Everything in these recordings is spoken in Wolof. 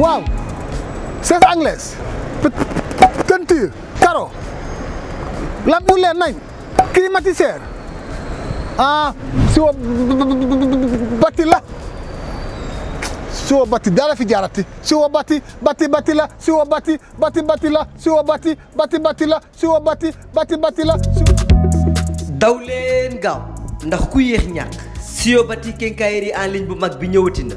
waaw chaise anglaise peinture carreau lam bu leen nañ climatiseur ah siwo bati la siwo bati dara fi jaarati siwo bati bati bati la siwo bati bati bati la siwo batti bati bati la siwo bati bati bati la daw leen gaaw ndax ku yéex ñàkk siwo bati kenkaayeri en ligne bu mag bi ñëwati na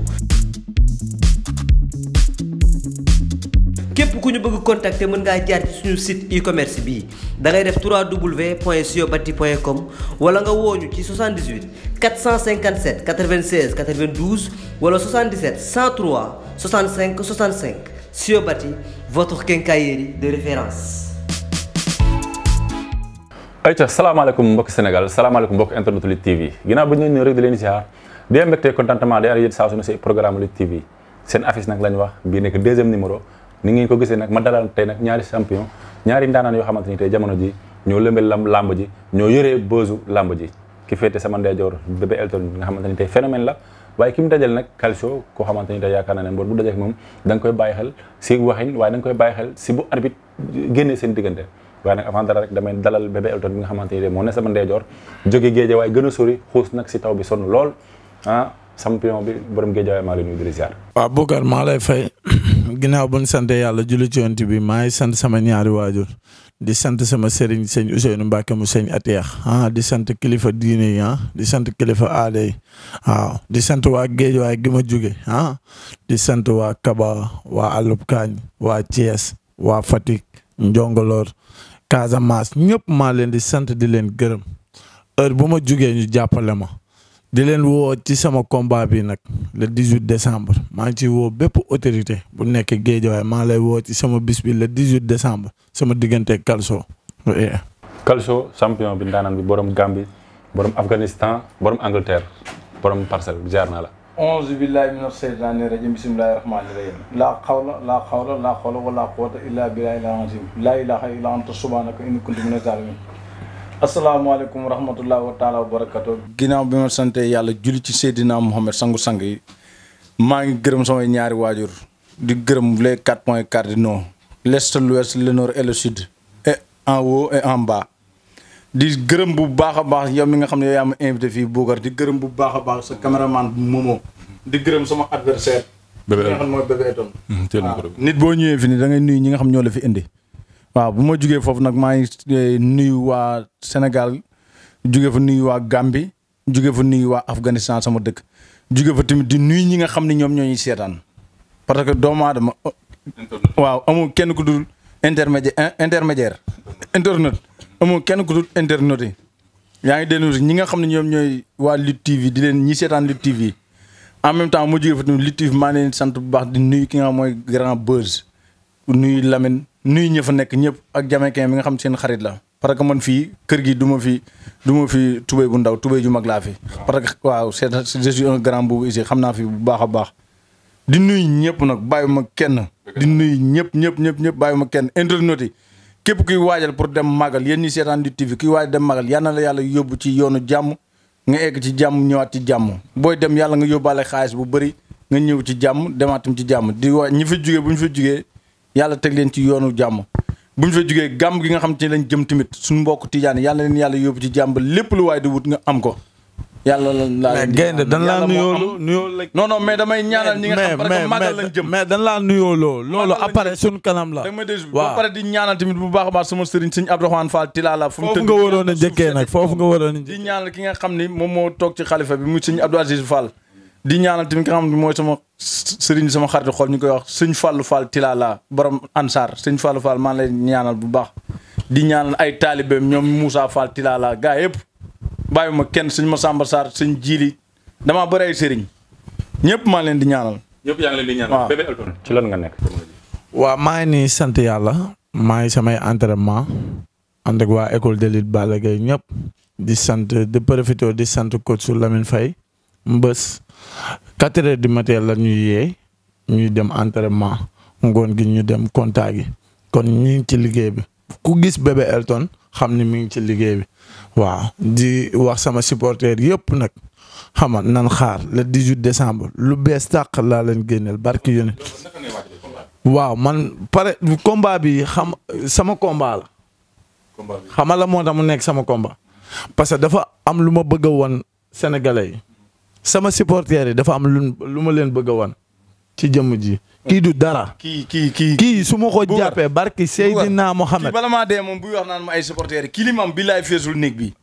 képp ku ñu bëgg contacter mën ngaa jaar ci suñu site e-commerce bii da ngay def www.siobati.com wala nga woo ñu ci 78 457 96 92 wala 77 103 65 65 Siobati votre quincaillerie de référence. ayca salaamaaleykum mbokki Sénégal salaamaaleykum mbokki internet Lutte TV ginnaaw ba ñu ñëw rek di leen ziar di mbégte contentement day ànd yéen saa su ne si la ñu wax bii nekk deuxième numéro ni ngeen ko gisee nag ma dalal tey nag ñaari champion ñaari ndaanaan yoo xamante ni tey jamono ji ñoo lëmbee lam làmb ji ñoo yëree bësu làmb ji ki féete sama ndeyjoor bébé Elton nga xamante tey phénomène la waaye ki dajal nag calcio koo xamante tey yaakaar naa ne mbor bu dajee ak moom da nga koy bàyyi xel si waxin waaye da nga koy bàyyi xel si bu arbitre génnee seen diggante waaye nag avant dara rek damay dalal bébé Elton bi nga xamante si taw bi sonn lool ah champion bi borom géeje waaye maa ngi lay nuyu di ginnaaw bu ñu yàlla julli ci yonent bi maa ngi sant sama ñaari waajur di sant sama sëriñ sëñ Ousseynou Mbacke mu sëñ Ateex ah, di sant kilifa diine yi ah, di sant kilifa aada yi di sant waa géej waay gi ma jóge ah. di sant waa Kaba waa Alub waa Thiès waa fatik Njongoloor Casamance ñëpp maa leen di sant di leen gërëm heure bu ma jugee ñu jàppale ma. di leen woo ci sama combat bi nag le 18 décembre maa ngi ciy woo bépp autorité bu nekk Géejawaay maa lay woo ci sama bis bi le 18 décembre sama diggante Kalso. Kalso champion bi ndaanaan bi borom Gambie borom Afghanistan borom Angleterre borom parcelle bi jaar naa la. auzu billahi mina seytaani rajim bismillahi rahmaani rahim laa xawla laa xawla laa xaw wala quwwata illa billahi al laa ilaha illa anta subhanaka inni kuntu mina zalimin asalaamaaleykum wa rahmatulah wa taalaa wa ginnaaw bi ma sant yàlla julli ci Seydina Mohamed sangu sang yi maa ngi gërëm samay ñaari waajur di gërëm les quatre points cardinaux l'est l'ouest le nord et le sud et en ba di gërëm bu baax a baax yow mi nga xam ne yow ma invité fii Bougar di gërëm bu baax a baax sa caméraman Momo di gërëm sama adversaire. Bébé Elton nga xam mooy hmm, nit boo ñëwee fi nii da ngay nuyu ñi nga xam ñoo la fi indi. waaw bu ma jugee foofu nag maa ngi eh, nuyu waa Sénégal jugee fa nuyu waa gàmbi jugee fa nuyu waa Afghanistan sama dëkk jugee fa tamit di nuyu ñi nga xam ni ñoom ñoo ñuy seetaan parce que doomu aadama oh, waaw amul kenn ku dul intermédiaire eh, intermédiaire internet amul kenn ku dul internet yaa ngi déglu ñi nga xam ne ñoom ñooy waa Lutte TV di leen ñi seetaan Lutte TV en même temps mu jugee fa tamit Lutte TV maa leen sant bu baax di nuyu ki nga xam mooy grand buzz nuyu Lamine. nuyu ñi fa nekk ñëpp ak jamaïcain bi nga xam seen xarit la parce que man fii kër gi duma fi du ma fi tubéy bu ndaw tubéy ju mag laa fi. parce que waaw c'est je suis un grand boobu ici xam naa fi bu baax a baax. di nuyu ñëpp nag bàyyiwuma kenn. di nuyu ñëpp ñëpp ñëpp ñëpp bàyyiwuma kenn internet képp kuy waajal pour dem màggal yenn ñi seetaan di TV kuy waajal dem màggal yal la yàlla yóbbu ci yoonu jàmm nga egg ci jàmm ñëwaat ci jàmm booy dem yàlla nga yóbbaale xaalis bu bëri nga ñëw ci jàmm demaatum ci jàmm di waa ñi fi jugee bu ñu fi jugee yàlla teg leen ci yoonu jàmm bu ñu fa jugee gàmm gi nga xam te lañ jëm tamit suñu mbokk tijaan yàlla leen yàlla yóbbu ci jàmm lépp lu waaye di wut nga am ko yàlla la mais gaynde dañ laa nuyoolu nuyoolu non non mais damay ñaanal ñi nga xam laa nuyooloo loolu après suñ kanam la dama dégg ba pare di baax a baax sama sëriñ sëñ Abdourahmane Fall Tilala fu mu tëdd nga waroon njëkkee nag foofu nga waroon a njëkkee di ñaanal ki nga xam ni moom moo toog ci xalifa bi mu sëñ Abdou Aziz di ñaanal tamit nga xam ne mooy sama sëriñ sama xarit xool ñu koy wax suñ Fallou Fall Tilala borom Ansar suñ Fallou Fall maa ngi ñaanal bu baax. di ñaanal ay taalibeem ñoom Moussa Fall Tilala gaa yëpp bàyyi ma kenn sëñ Massamba Sarr suñ Jili damaa bëri ay sëriñ ñëpp maa leen di ñaanal. ñëpp yaa di ci lan nga nekk. waaw maa ngi sant yàlla. maa ngi samay entraînement ànd waa école de lutte Balla Gaye ñëpp. di sant di profité di sant coach Lamine fay mbës. quatre heures du matin la ñuy yee ñuy dem entraînement ngoon gi ñu dem contact gi kon ñu ci liggéey bi ku gis bébé Elton xam ni mi ngi ci liggéey bi waaw di wax sama supporter yëpp nag xam nga nan xaar le 18 décembre lu bees tàq laa leen génneel barki yu waaw man pare combat bi xam sama combat la. combat la moo tax mu nekk sama combat parce que dafa am lu ma bëgg woon sénégalais yi. sama supporters yi dafa am lu ma leen bëgg a wan ci jëmm ji. kii du dara. kii kii kii kii su ma ko jàppee barki Seydina Mohamed. bala maa dee moom buy wax naan ma ay supporters yi kii li maam billaay feesul néeg bi.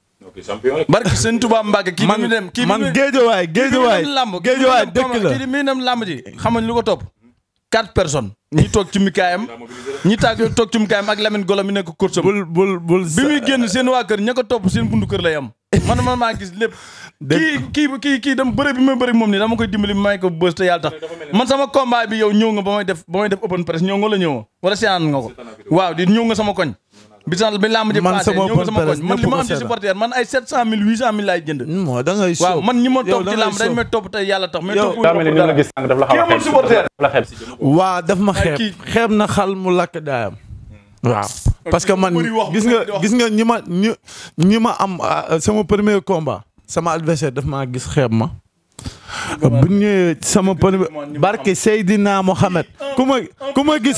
barki sëñ Tuubaa Mbàkke kii mi dem kii man géejawaay géejawaay géejawaay dëkk la kii mi dem làmb ji xamañ lu ko topp quatre personnes ñi toog ci mikaayam ñi tàgg toog ci mikaayam ak Lamine Golo mi nekk course bul bul bul bi muy génn seen waa kër ña ko topp seen bundu kër lay am man man maa gis lépp. kii kii kii kii dama bëre bi ma bëre moom nii dama koy dimbali may ko bës te yàlla tax man sama combat bi yow ñëw nga ba may def ba may def open press ñëw nga la ñëwoo waaw di ñëw nga sama koñ. bi sax bi làmb jënd. Mm, waaw man ñi topp ci làmb dañ may topp tey yàlla tax. mais toppul daf a xeeb waaw daf ma xeeb xeeb na xal mu lakk daayam. waaw parce que man gis nga gis nga ñi ma ñi ñi ma am ah, sama premier combat sama adversaire daf maa gis xeeb ma. bu ñëwee sama pneu bi barke Seydina Mohamed ku ma ku ma gis.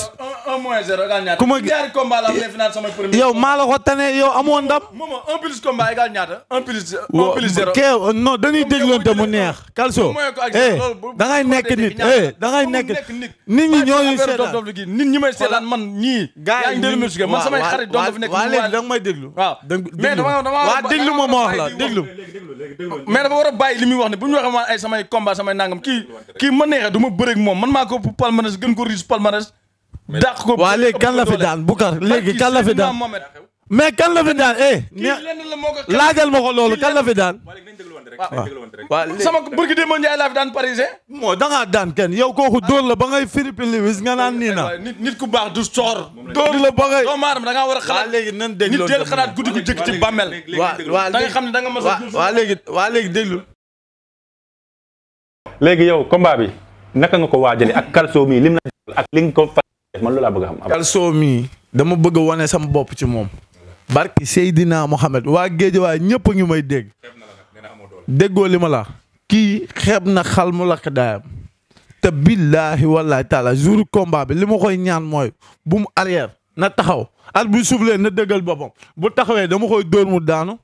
un moins zéro égal ñaata. ku ma ñaari combat la final sama premier. yow maa la ko tane yow mu neex. Calcio eh da ngay nekk nit eh da ngay nekk nit. nit ñi ñoo ñuy seetaan nit ñi may seetaan man ñii. gaa yi ñu waaw waaw man samay xarit doon dafa nekk. waaw léegi danga may déglu. waaw déglu ma waaw déglu ma dafa war a bàyyi wax ne bu ñu ay samay samay combat samay nangam kii kii ma neexee du ma bëreeg moom man maa ko ëpp gën ko riis palmarès. dàq ko waa kan la fi daan Boucar léegi kan la daan mais kan la fi daan eh. laajal ma ko loolu kan la fi daan. sama burki démb Ndiaye laa fi daan parisien. moo da daan kenn yow kooku dóor la ba ngay Philippe nga naan nii na. nit ku baax du soor. dóor la ba ngay doomu aadama da war a xalaat. nit del xalaat guddi gu jëkk ci bàmmel. waa waa léegi da nga xam ne da nga mos a. waa léegi waa léegi léegi yow combat bi naka nga ko waajalee ak Calcio mii lim ak li nga ko fa man loolu laa bëgg a xam. Calcio mii dama bëgg a wane sama bopp ci moom. barki Seydina Mohamed waa géej waa ñëpp a ngi may dégg. déggoo li ma la. kii xeeb na xal mu lakk daayam. te billaahi wallaahi taala jour combat bi li ma koy ñaan mooy bu mu arrière na taxaw at bu suuf leen na dëggal boppam bu taxawee dama koy dóor mu daanu.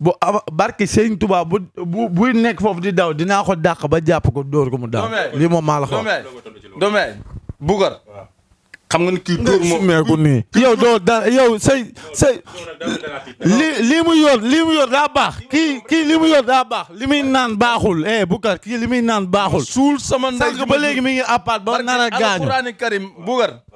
bu barki Sëriñ Tuubaa bu bu buy nekk foofu di daw dinaa ko dàq ba jàpp ko door ko mu daw. lii moom maa la ko wax. Domaine Bougar. xam nga ni kii dóor moom nii. yow da yow say say lii lii mu yor lii mu yor daa baax kii kii lii mu yor daa baax muy naan baaxul eh Bougar kii li muy naan baaxul. suul sama ndey ba léegi mi ngi appaat ba nar a gaañu. alxuraani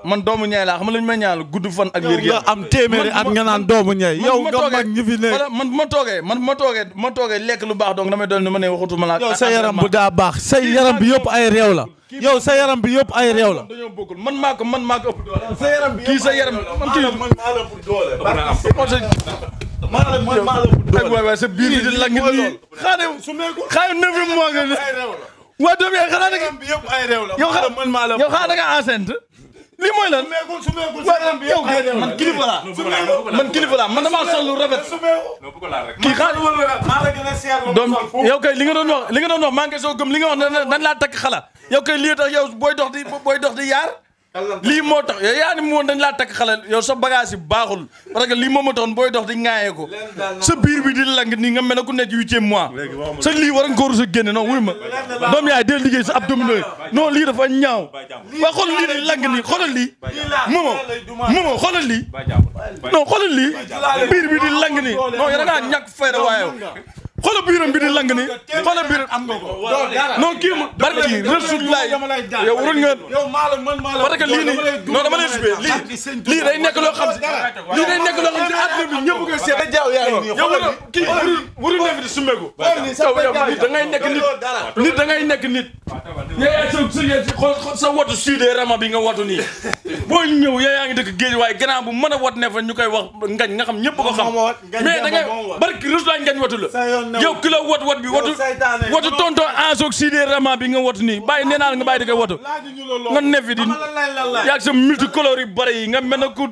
man doomu ñay laa xam lañu may la gudd fan ak wér gi nga am téeméeri at nga doomu ñay yow nga mag ñi fi man ma toogee man ma toogee ma toogee lekk lu baax donc damay doon ni ma ne waxatu ma laa yow yaram bu daa baax sa yaram bi yëpp ay réew la yow sa yaram bi yëpp ay réew la dañoo bokkul man maa man maa ko ëpp doole bi kii sa yaram man kii man maa la ëpp doole man maa la ëpp doole waay waay bi di lang nii xaadim su meeku xaadim neuf mois nga ni waa doom lii mooy lan. yow man kilifa laa man kilifa laa man damaa sol lu rafet. kii xaalis doom yow kay li nga doon wax li nga doon wax maa ngi gëm li nga wax nan laa takk xala yow kay lii tax yow booy dox di yaar lii moo tax yow yaa mu woon dañ laa takk xale yow sa bagage baaxul parce que lii moo ma taxoon booy dox di ŋaayee ko sa biir bi di lang nii nga mel ne ku nekk huitième sa lii war nga ko rus a génne non wuy ma doom yaay deel liggéey sa abdominaux yi non lii dafa ñaaw waa xool lii di lang nii xoolal lii momo momo xoolal lii non xoolal lii biir bi di lang nii non yow ngaa ñàkk fayda waaye xoolal biiram bi di lang ni xoolal biiram am nga barki rasulullah yow waroon nga parce que lii nii xam lii day xam si àdduna bi ñëpp nga seet jaaw yaa ngi yow war kii waru nga a xam ñëpp ko xam mais da barki rasulullah ngañ watu la yow ki la wot wot bi watu watu tonton azoxydé rama bi nga wot nii bàyyi nee naa la nga bàyyi di ko watu nga nefi di yaag sa multicolore yi nga mel na ku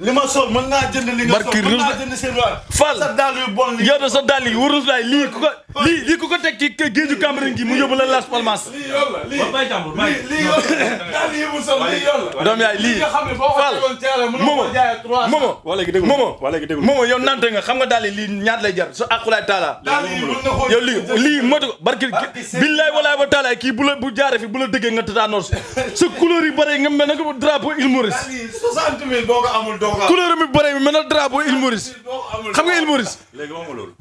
li ma sol mën naa jënd li nga sol mën naa jënd seen waay. Fall sa dàll yu bon lii yow de sa dàll yi warul lii ko ko teg ci géeju Cameroun mu yóbbu la Las Palmas. lii yoon la lii lii yoon la dàll yi mu sol lii yoon la. doom yaay lii Fall Momo Momo Momo Momo yow nante nga xam nga dàll yi lii ñaata lay jar su àqulaay taala. yow lii lii motu ko barki billaay walaay ba taalaay kii bu bu jaaree fi bu la dëggee nga tataanoor sa couleur yi bare nga mel na ko drapeau Île Maurice. 60 couleur mi bëre mi mel na drapeau Île Maurice xam nga Île Maurice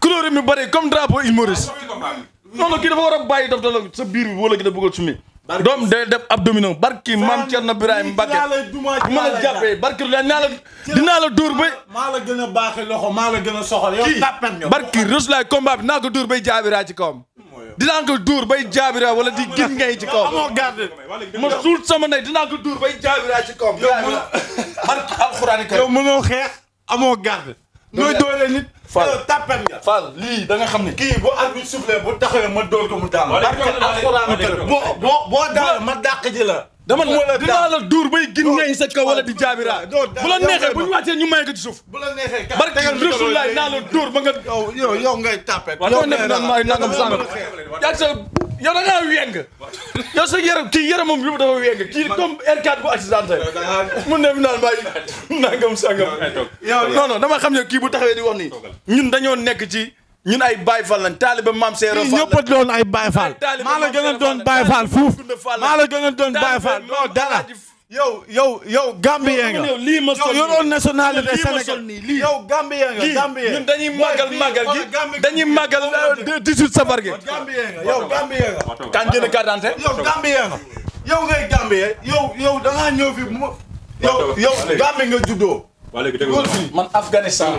couleur mi bëre comme drapeau Île Maurice non non kii dafa war a bàyyi daf dala sa biir bi wala ki da bëggoon sumi doom day def abdominaux barki maam Thierno Birahim Mbacke bu la jàppee barki la naa la dinaa la dóor bay maa la gën a baaxee la gën a soxal yow tàppet nga barki rus laay combat bi naa ko dóor bay jaabiraa ci kawam dinaa ko dóor bay jaabira wala di gin ngay ci kaw ma suul sama ndey dinaa ko duur bay jaabira ci ma man alxuraan yow mënoo xeex amoo garde nooy doole nit Fall tàppet nga Fall lii da nga xam ne kii bu arbitre soufflé bu taxawee ma dóor ko mu daanu barke alxuraan boo boo boo daal ma dàq ji la dama dinaa la duur bay gin sa kaw wala di jaabira bu la neexee bu ñu wàccee ñu may ko ci suuf. bu la neexee barke Rasulaay la duur ba nga. yow nekk na ma nangam sàngam yaa sa yow da ngaa weng yow sa weng kii comme R4 bu mu ne naan mbay nangam sàngam. non non dama xam ne kii bu taxawee di wax nii ñun dañoo nekk ci. ñun ay Baye Fall taaliba maam Seero Fall a doon ay Baye Fall maa la a doon Baye Fall fuuf maa la a doon Baye Fall non dara yow yow yow Gambien nga lii ma sol yow yoroon nationalité Sénégal lii yow Gambien dañuy magal màggal gi dañuy màggal 18 safar gi Gambien nga yow Gambien nga kan jënd carte d'identité yow Gambien nga yow ngay Gambien yow yow da ngaa ñëw fi yow yow Gambie nga juddoo waa léegi dëgg man Afghanistan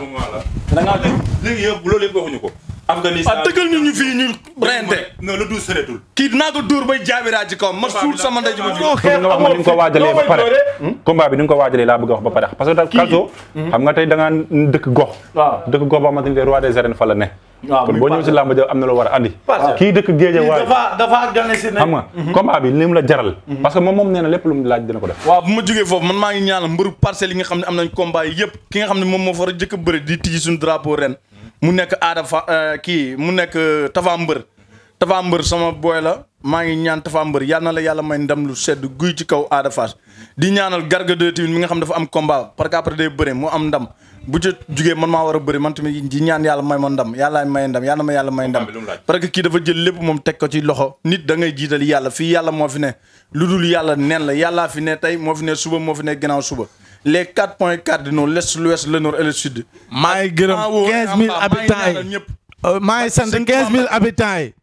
a ngaa léegi yëpp loolu yëpp waxuñu ko. Afghanistan waaw ah, ñu ñu fii ñu rente. non le douze seretul. kii dinaa ko dóor bay jaabiraa ci kawam man suul sama ndey ji ma jóg. nga wax ma ni nga ko waajalee ba pare. Hmm? combat bi ni nga ko waajalee laa bëgg wax ba pare parce que Calcio. Hmm? xam nga tey da ngaa dëkk gox. waaw dëkk gox boo ma ni roi des arènes fa la ne. waaw boo ñëwee si làmb ja am na la war a andi. kii dëkk géeje waaye dafa dafa gane si mhm. la jaral. Mhm. parce que moom moom nee na lépp lu mu laaj dina ko def. waaw bu ma jógee foofu man maa ngi ñaanal mbëru parcelles yi ne am nañ combat yi yëpp ki nga xam ne moom moo fara jëkk bëri di tijji suñu drapeau ren mhm. mu nekk aada fa euh, kii mu nekk euh, Tafa Mbër Tafa Mbër sama booy la maa ngi ñaan Tafa Mbër yal na la yàlla may ndam lu sedd guy ci kaw aada Fass di ñaanal Garga 2 tamit mi nga xam dafa am combat parce que après day bëre mu am ndam bu ca jugee man maa war a bëri man tamit di ñaan yàlla may ma ndam yàlla may ndam yàlla ma yàlla may ndam parce que kii dafa jël lépp moom teg ko ci loxo nit da ngay jiital yàlla fii yàlla moo fi ne lu dul yàlla neen la yàllaa fi ne tey moo fi ne suba moo fi ne gannaaw suba les quatre points cardinaux l'est l'ouest le nord et le sud maa ngi gërëm quinze euh, quinze mille habitants yi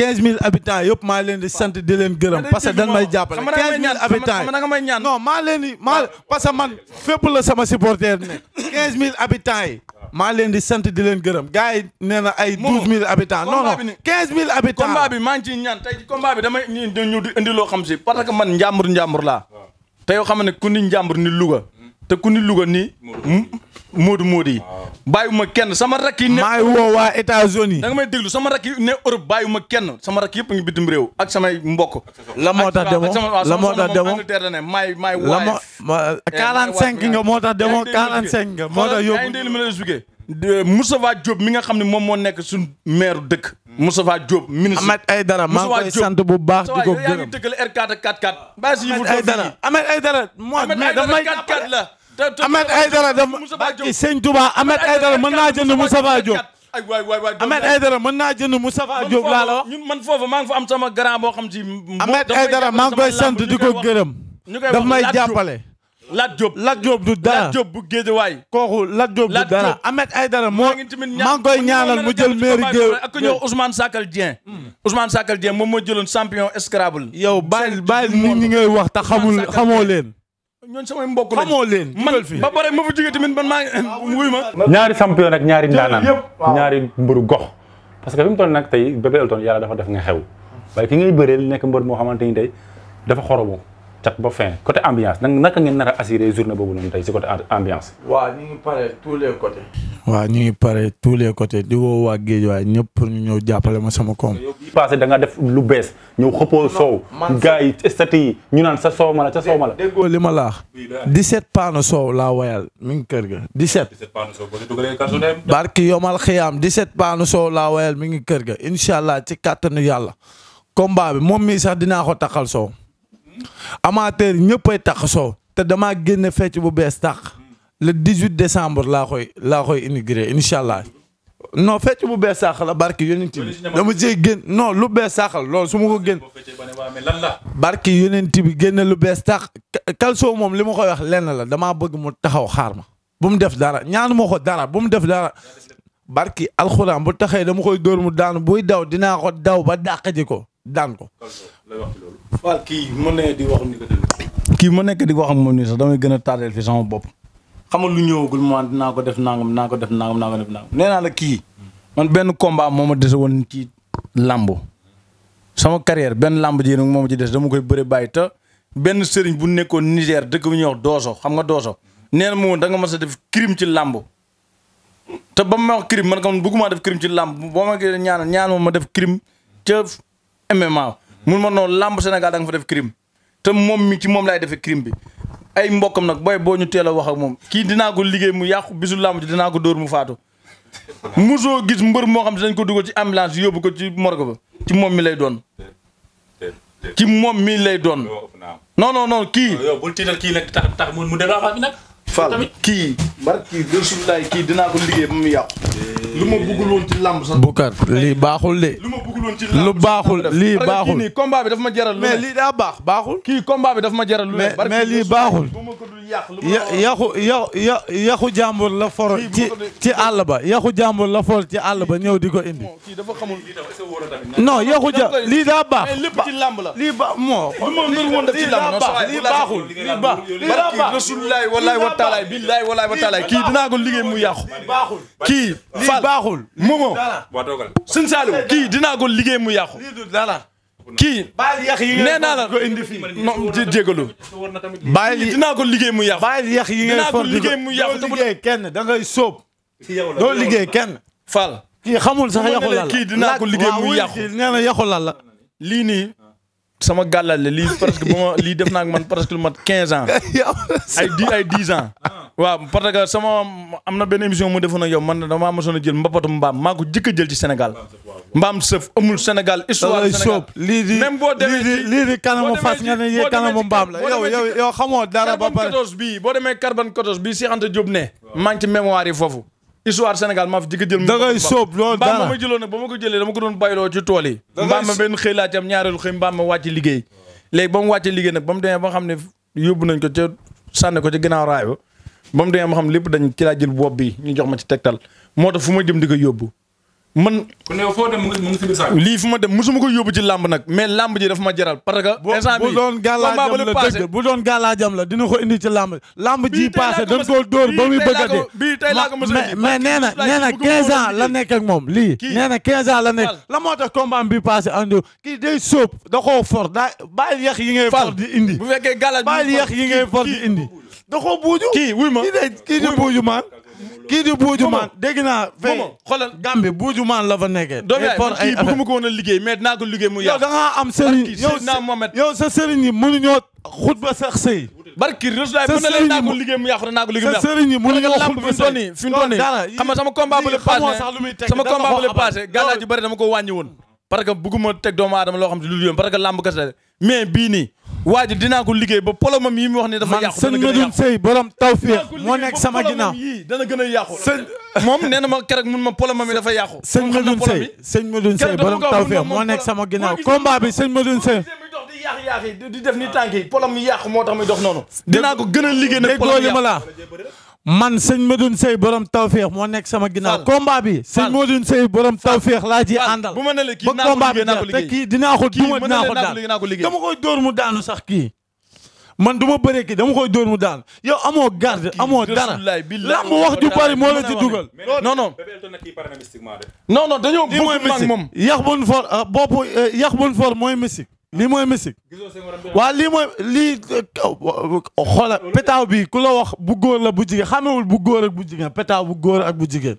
quinze mille habitants yëpp maa leen di sant di leen gërëm parce que dañ may jàppale quinze mille habitants yi non maa leen di maa parce que man fépp la sama supporter ne quinze mille habitants yi maa leen di sant di leen gërëm gars yi nee na ay douze mille habitants non non quinze mille habitants combat bi maa ngi ciy ñaan tey combat bi damay ñu di indi loo xam si parce que man njàmbur njàmbur laa te yoo xam ne ku ni njàmbur ni Louga te ku ni Louga nii. Moodu Moodu yi. bàyyiwuma kenn sama rakk yi. ne maa ngi woo waa États-Unis. may déglu sama rakk yi ne kenn sama rakk yëpp a ngi bitim réew ak samay mbokk. la moo tax demoo la moo tax demoo maay maay waay. Eh, quarante cinq nga moo tax demoo quarante cinq nga moo tax yóbbu. yaa ngi la expliqué. mi nga xam ne moom moo nekk suñ maire dëkk. Moustapha Diop ministre Ahmed Aïdara maa ngi koy sant bu baax di ko gërëm. Moustapha Diop yaa ngi dëkkale R4 ak 4 4. bàyyi si yi fu Aïdara Ahmed Aïdara. mooy mais daf may la. Ahmed Aïdara daf barki Sëñ Touba Ahmed Aïdara mën naa jënd Moustapha Diop ay waay waay waay Ahmed Aïdara mën naa jënd Moustapha Diop laa la wax ñun man foofu maa ngi fa am sama grand boo xam ci Ahmed Aïdara maa ngi koy sant di ko gërëm daf may jàppale Lat Diop Lat Diop du dara Lat Diop bu géej waay kooku Lat Diop du dara Ahmed Aïdara moo maa ngi koy ñaanal mu jël mairie géew ak ñëw Ousmane Sakal Dieng hmm. Ousmane Sakal Dieng moom moo jëloon champion Scrabble yow bàyyi bàyyi nit ñi ngay wax te xamul xamoo leen ñooñu samay mbokk lañ xamoo leen ba pare ma fa jógee tamit man maa wuy ma. ñaari champion ak ñaari ndaanaan ñaari mbëru gox parce que fi mu toll nag tey Bébé Elton yàlla dafa def nga xew waaye ki ngay bëreel nekk mbër moo xamante ni tey dafa xoromoo cat ba fin côté ambiance nag naka ngeen nar a assurer journée boobu noonu tey si côté ambiance. waaw ñu ngi pare tous les côtés. waaw ñu ngi pare tous les côtés di woo waa géej waaye ñëpp pour ñu ñëw jàppale ma sama koom. bii passé def lu bees ñëw xëppoo soow. gars yi stati ñu naan sa soow ma la sa soow ma la. déggoo li ma laax. 17 paanu soow laa wayal mi ngi kër ga 17. 17 paanu soow boo dugalee kaso dem. barki yomal xiyaam 17 paanu soow laa wayal mi ngi kër ga incha allah ci kàttanu yàlla combat bi moom mii sax dinaa ko taxal soow. amateur ñëppay taxasoo te damaa génne fecc bu bees tax le 18 décembre laa koy laa koy intégré incha allah non fecc bu bees sax la barki yonent bi dama cee génn non lu bees sax la loolu su ma ko génn barki yonent bi génn lu bees tax Kalso moom li ma koy wax lenn la damaa bëgg mu taxaw xaar ma bu mu def dara ñaanu ma ko dara bu mu def dara barki alxuraan bu taxee dama koy dóor mu daan buy daw dinaa ko daw ba dàq ji ko daan ko. Fall kii di wax kii ma nekk di wax ak moom nii sax damay gën a tardeel fi sama bopp. xam nga lu ñëwagul mu dinaa ko def nangam naa ko def nangam naa ko def nangam nee naa la kii. man benn combat moo ma dese woon ci làmb sama carrière benn làmb ji nag moo ma ci des dama koy bëre bàyyi te benn sëriñ bu nekkoon Niger dëkk bu ñuy Dooso xam nga Dooso nee na moom da nga mas a def crime ci làmb te ba ma wax crime man kam bëgguma def crime ci làmb boo ma gisee ñaan ñaan ma def crime MMA. mun ma noonu làmb Sénégal da nga fa def crime te moom mi ci moom laay defee crime bi ay mbokkam nag booy boo ñu teel a wax ak moom kii dinaa ko liggéey mu yàqu bisu làmb dinaa ko dóor mu faatu. musoo gis mbër moo xam ne dañ ko dugal ci ambulance yóbbu ko ci morgue ba ci moom mi lay doon. ci moom mi lay doon. non non non kii. yow bul mu débat bi Fall kii barki Rasulullah kii dinaa ko liggéey ba mu yàqu. lu ma bëggul woon ci làmb sax. Boucar lii baaxul de. lu ma bëggul woon ci làmb lu baaxul lii baaxul nii combat bi dafa ma jaral lu mais lii daa baax baaxul. kii ma jaral lu mais mais lii baaxul. yaxu yaxu yaxu jàmbur la for ci ci àll ba yaxu jàmbur la for ci àll ba ñëw di ko indi. non yaxu ja lii daa baax. lii ba moo. lii daa la lii baaxul lii daa baax. taalaay billaay walaay wa taalaay kii dinaa ko liggéey mu yàqu. kii Fall baaxul Momo. Sëñ Saliou kii dinaa ko liggéey mu yàqu. kii nee naa la non jégalu bàyyi dinaa ko liggéey mu yàqu. bàyyi yàq yi ngay for di ko doo liggéey kenn da ngay sóob. doo liggéey kenn. Fall kii xamul sax yàqu lal la kii dinaa ko liggéey mu yàqu. nee na yàqu lal la lii nii. sama gàllal la lii presque lii def naa man presque lu mat 15 ans. ay di ay 10 ans. Ah. waaw parce que sama am na benn émission mu defoon ak yow man damaa mosoon a jël mbappatu mbaam maa ko jëkk a jël ci Sénégal. mbaam sëf amul Sénégal histoire Sénégal lii di boo demee lii di lii di kanamu fas nga ne yee kanamu mbaam la yow yow yow xamoo dara ba pare. bii boo demee carbone 14 bii Cheikh Anta Diop ne. maa ngi ci mémoire foofu. histoire Sénégal maa fi jëkk a jël. da ngay sóob loolu dara mbaam ma jëloon nag ba ma ko jëlee dama ko doon bayloo ci tool yi. mbaam ma benn xëy laa ci am ñaareelu xëy mbaam ma wàcc liggéey. léegi ba mu wàcc liggéey nag ba mu demee ba xam ne yóbbu nañ ko ca sànni ko ca ginnaaw raay ba ba mu demee ba xam lépp dañ ci laa jël bopp bi ñu jox ma ci tegtal moo tax fu ma jëm di yóbbu man ku ne foo lii fu ma dem mosuma ko yóbbu ci làmb nag mais làmb ji dafa ma jaral parce que. instant bii bu doon gàllaajam la dëgg bu la dina ko indi ci làmb. làmb ji paase dañ koo dóor ba muy bëgg a dee. bii tey mais nee na nee na ans la nekk ak moom lii. kii nee na 15 ans la nekk la moo tax combat bi paase andi kii day sóob da koo for daa bàyyi yàq yi ngay for di indi. bu fekkee gàllaaj bi bàyyi yi ngay for di indi. da koo buuju kii wuy ma kii de kii kii di buujumaan dégg naa. fay xoolal Gambie buujumaan la fa nekkee. doy ay man kii bëgguma ko woon a liggéey mais dinaa ko liggéey mu yàqu. yow da ngaa am sëriñ yow yow sa sëriñ yi mënuñoo xutba sax sëy. barki Rasulullah mën na leen naa ko liggéey mu yàqu naa ko liggéey mu yàqu. sa sëriñ yi mënuñoo xutba sëy fi mu toll nii xam nga sama combat bu le passé sama combat bu le passé gàllaaj yu bari dama ko wàññi woon parce que bëgguma teg doomu aadama loo xam ne lu yoon parce que làmb kese mais bii nii waa ji ko liggéey ba polomam yi mu wax ni dafa yàqu dana gën a yàqu man sëñ Medoune Seye borom tawféex moo nekk sama ginnaaw yi dana gën a yàqu sëñ moom nee na ma keroog mun ma polomam yi dafa yàqu sëñ Medoune Seye sëñ Medoune Seye borom tawféex moo nekk sama ginnaaw combat bi sëñ Medoune Seye yaax di def ni tànk yi polom yi yàqu moo tax muy dox noonu dinaa ko gën a liggéey nag polom yi yàqu man sëñ Medoune Seye borom tawféex moo nekk sama ginnaaw. combat bi sëñ Medoune Seye borom tawféex laa ji àndal. bu ma ne la kii naa ko liggéey naa ko liggéey te kii dinaa ko duma dinaa ko daal dama koy dóor mu daanu sax kii. man du ma bëree kii dama koy dóor mu daanu yow amoo garde amoo dara lamb wax ju bari moo la ci dugal. non non non non dañoo. lii mooy mystique moom yàq bu nu for euh, bopp euh, yàq bu nu for mooy mystique. lii mooy musique waa lii mooy lii xoola pétaaw bi ku la wax bu góor la bu jigéen xamewul bu góor ak bu jigéen pétaaw bu góor ak bu jigéen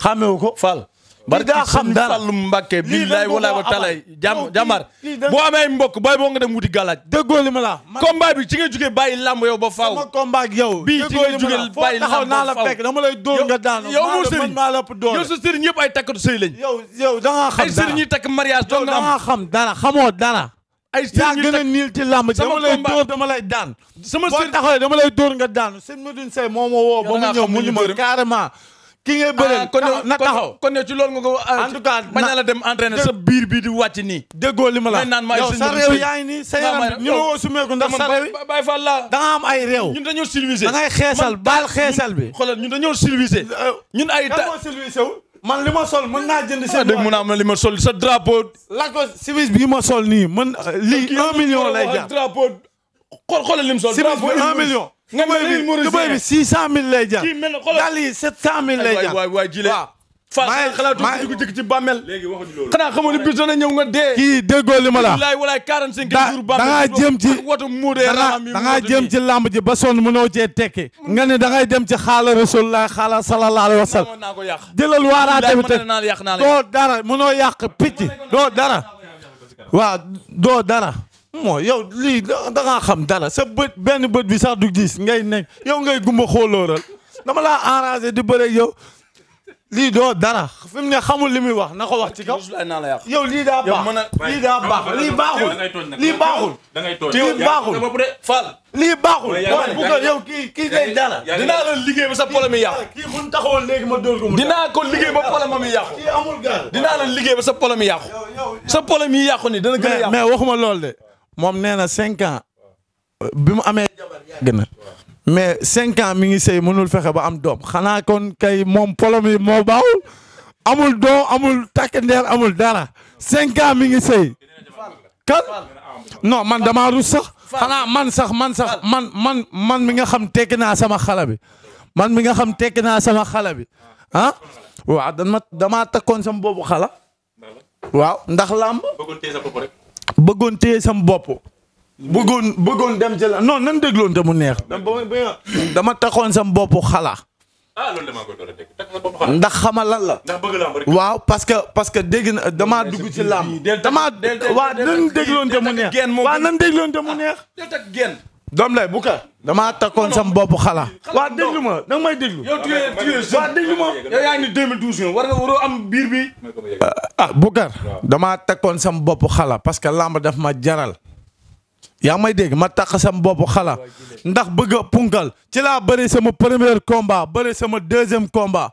xamewu ko fal bari daa xam dara Sallum Mbàkke billaay walaay wa talay jàmm jàmbaar boo amee mbokk booy boo nga dem wuti galaaj déggoo li ma la bi ci nga jóge bàyyi lamb yow ba faaw sama combat ak yow bii ci nga jóge bàyyi lamb naa la fekk dama lay dóor daan yow mo sëriñ maa la ëpp ay takkatu sëy lañ yow yow da nga xam takk mariage doon nga am da nga xam dara xamoo ay yaa gën a niil ci làmb dama lay dóor dama lay daan sama sëriñ boo taxawee dama lay dóor nga daan sëñ Medoune Seye moo ma woo moo mu ñëw mu ñu ma carrément ki ngay ah, bëreel na taxaw kon ne ci loolu nga ko ah, en tout cas bañ sa biir bi di wàcc nii déggoo li ma la naan yow sa réew yaa ngi nii sa yaram ñu ma woo sumeeku ndax sa réew la da am ay réew ñun dañoo civilisé da ngay xeesal baal xeesal bi xoolal ñun dañoo civilisé euh, ñun ay moo civilisé wu man li ma sol mën naa jënd seen. dëgg mun naa li ma sol sa la Lacoste simis bii ma sol nii man ah, lii un million lay jaar drapeau xool xoolal li mu sol drapeau un million. nga mel bi six cent mille lay jaar. kii mel ne cent mille lay jaar. Faal xalaatu dugg dëkk ci bàmmeel léegi waxuñu loolu xanaa xamoon ne bis dana ñëw nga dee kii déggoo li ma la wallaay walaay 45 ci watu ji ba son mënoo cee tekki nga ne da ngay dem ci xaala rasulullah xaala sallallahu alayhi wa sallam naa ko yàq jëlal waaraate bi teg doo dara mënoo yàq picc doo dara waaw doo dara moo yow lii da ngaa sa bët benn bët bi sax du ngay nekk yow ngay gumba xoolóoral dama laa arrangé di bëre yow lii doo dara fi mu ne xamul li muy wax na ko wax ci kaw yow lii daa baax lii daa baax lii baaxul lii baaxul lii baaxul lii baaxul bu yow kii kii day dara dinaa la liggéey ba sa problème mi yàqu kii mun taxawoon léegi ma dóor dinaa ko liggéey ba problème yi yàqu dinaa la liggéey ba sa polo mi yàqu sa problème yi yàqu ni dana gën a yàqu mais ma lool de moom nee na cinq bi mu amee jabar yàgg na mais cinq ans mi ngi sëy mënul fexe ba am doom xanaa kon kay moom polom yi moo baawul amul doom amul takk amul dara cinq ans mi ngi sëy kan non man damaa rus sax xanaa man sax man sax man man man mi nga xam tekki naa sama xala bi man mi nga xam tekk naa sama xala bi ah waaw dama damaa takkoon sama boobu xala waaw ndax làmb bëggoon téye sama bopp bëggoon bëggoon dem jël non nan dégloon te mu neex. dama taxoon sam bopp xala. ah a ndax xama lan la. ndax waaw parce que parce que dégg na damaa dugg ci làmb. damaa waaw nan dégloon te mu neex. waaw nan dégloon te mu neex. doom lay bu ka damaa takkoon sam bopp xala. waa déglu ma may déglu. yow tu war am biir bi. ah Boucar. damaa takkoon sam bopp xala parce que làmb daf ma jaral. yaa may dégg ma takk sam bopp xala ndax bëgg a punkal ci laa bëri sama premier combat bëri sama deuxième combat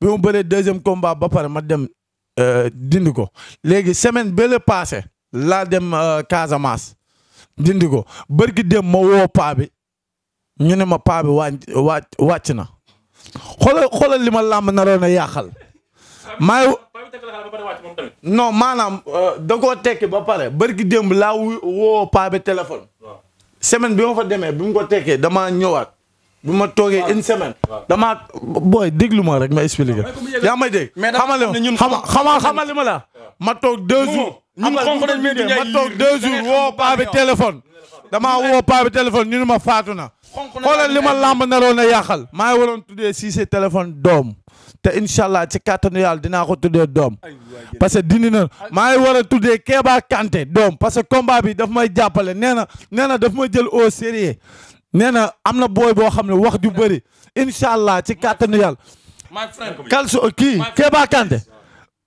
bi mu bëree deuxième combat ba pare ma dem euh, dindi ko léegi semaine ba paase laa dem euh, Casamance dindi ko bërgi dem ma woo paa bi ñu ne ma paa bi wàcc wàcc na xoolal xoolal li ma làmb naroon a yàqal no maanaam euh, da koo ba pare barki démb laa woo paa bi téléphone. semaine bi ma fa demee bi mu ko tekkee damaa ñëwaat. bu ma toogee in semaine. damaa booy déglu ma rek ma expliqué. yaa may dégg xamal xama xamal ma la. ma toog deux jours. ñun xonq ma toog deux jours woo paa bi téléphone. damaa woo paa bi téléphone ñu ma faatu na. xoolal li ma làmb naroon a yàqal. maa waroon tuddee si sa téléphone doom. te incha allah ci kàttanu yàlla dinaa ko tuddee doom parce que dindi na maa ngi war a tuddee Kéba Kanté doom parce que combat bi daf may jàppale nee na nee na daf jël o sérieux nee na am na booy boo xam ne wax ju bëri incha allah ci kàttanu yàlla. kalsu kii Kéba Kanté.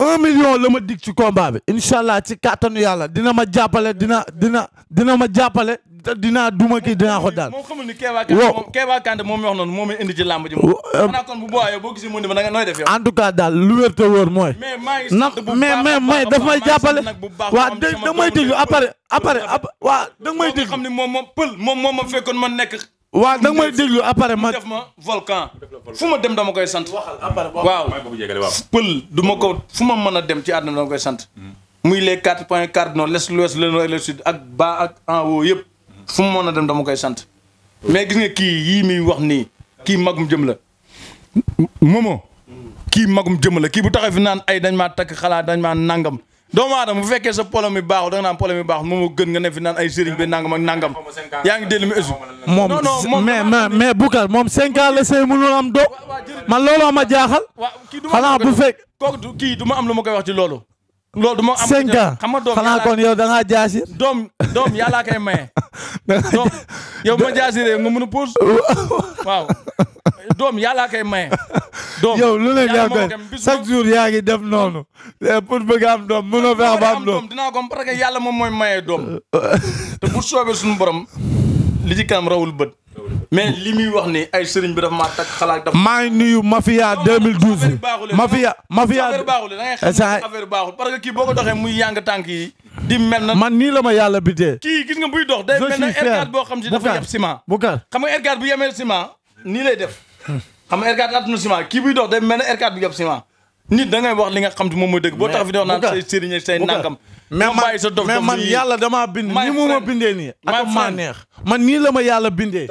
un million la ma dig ci combat bi incha allah ci kàttanu yàlla dina ma jàppale dina dina dina ma jàppale dinaa duma kii dinaa ko daal. moom xamul ni Kéba Kanté moom Kéba Kanté moom wax noonu moom indi ci làmb ji. xanaa kon bu boobaa boo gisee mu ne ma da nga nooy def daal lu wér te mooy. mais maa ngi sant bu baax may jàppale. waaw da nga may déglu après waa da nga may déglu. xam moom moom moom moom ma fekkoon ma nekk. waaw da nga may déglu après ma def ma volcan ma dem dama koy sant. waaw pël du ma ko fu ma mën a dem ci àdduna dama koy sant. Hmm. muy les quatre points cardinaux l'est l'ouest le nord et le sud ak bas ak en haut yëpp hmm. fu ma mën a dem dama koy sant. mais gis nga kii yii muy wax nii kii magum jëm la. momo hmm. kii magum jëm la kii bu taxaw fi naan ay dañ maa takk xalaa dañ maa nangam. doomu aadama bu fekkee sa polo mi baaxul da nga naan polo mi baaxul moom gën nga ne fi naan ay sëriñ bi nangam ak nangam yaa ngi dellu mi ësu moom mais mais mais moom cinq ans la sëy mënul am man looloo ma jaaxal xanaa bu fekk kooku kii du ma am lu ma koy wax ci loolu loolu du am cinq ans xam nga doom xanaa jaasir. doom doom yàllaa koy maye. doom yow ma jaasiree nga mun a doom yàllaa koy maye. doom yow lu ne yaa chaque jour yaa ngi def noonu. Eh, pour bëgg am doom mënoo fexe ba am doom dinaa ko am parce yàlla moom mooy maye doom. te bu soobee suñu borom li ci kanam rawul bët. mais li muy wax ni ay sëriñ bi dafa ma takk xalaat dafa. maa ngi nuyu mafia 2012. mafia mafia affaire baaxul da ngay xam affaire baaxul parce que kii boo ko doxee muy yàng tànk yi. di mel na man nii la ma yàlla bitee. kii gis nga buy dox day mel boo xam si dafa yeb ciment. Boucar xam nga R4 yemee ciment nii lay def. xam nga R4 at na ciment kii buy dox day mel na R4 bu yeb ciment. nit da wax li nga xam te moom mooy dëgg boo tax fi di wax naan say sëriñ say nangam mais man yàlla damaa bind ni mu ma bindee nii ak maa neex man nii la ma yàlla bindee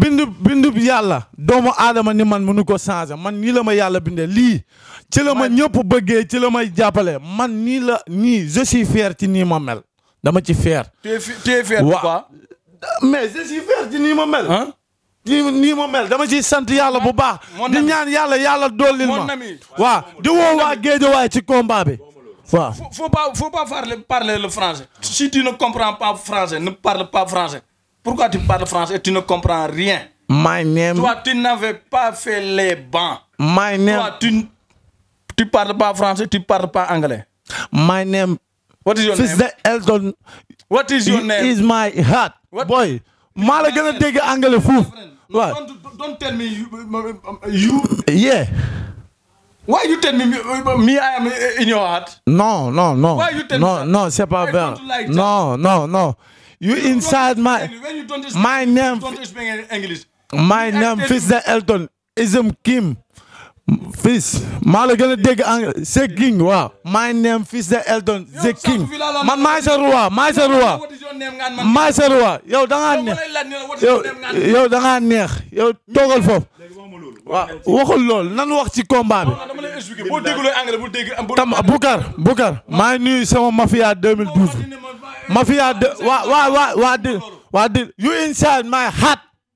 bindu bindu yàlla doomu aadama ni man mënu ko changer man nii la ma yàlla bindee lii ci la ma ñëpp bëggee ci la may jàppale man nii la nii je suis ci nii ma mel dama ci fier tu es fier quoi ci nii ma mel nii ma mel dama ciy sant yàlla bu baax di ñaan yàlla yàlla dollil ma waaw di woo waa géejawaay ci combat bi waaw faut pas faut pas le français. si tu ne comprends pas français ne parle pas français pourquoi tu parles français et tu ne comprends rien. my name toi tu n'avais pas fait les bancs. tu tu pas français tu parles pas anglais. my name. what is your name what is your name boy maa la gën a dégg anglais fuuf. waaw don't don't tell me yeah. Why you tell me me uh, I am uh, in your heart? No, no, no. Why no, me that? No, c'est pas vrai. Like no, no, You, inside my name. Don't Elton, is Kim. fils maa la gën a dégg anglais king waaw my name fils de Elton the king man maay sa waa maay sa roi maay sa roi yow da neex yow yow da ngaa neex yow toogal foofu waxul lool nan wax ci combat bi tam Boucar Boucar maa ngi nuyu sama mafia 2012 mafia de waa waa waa waa di my heart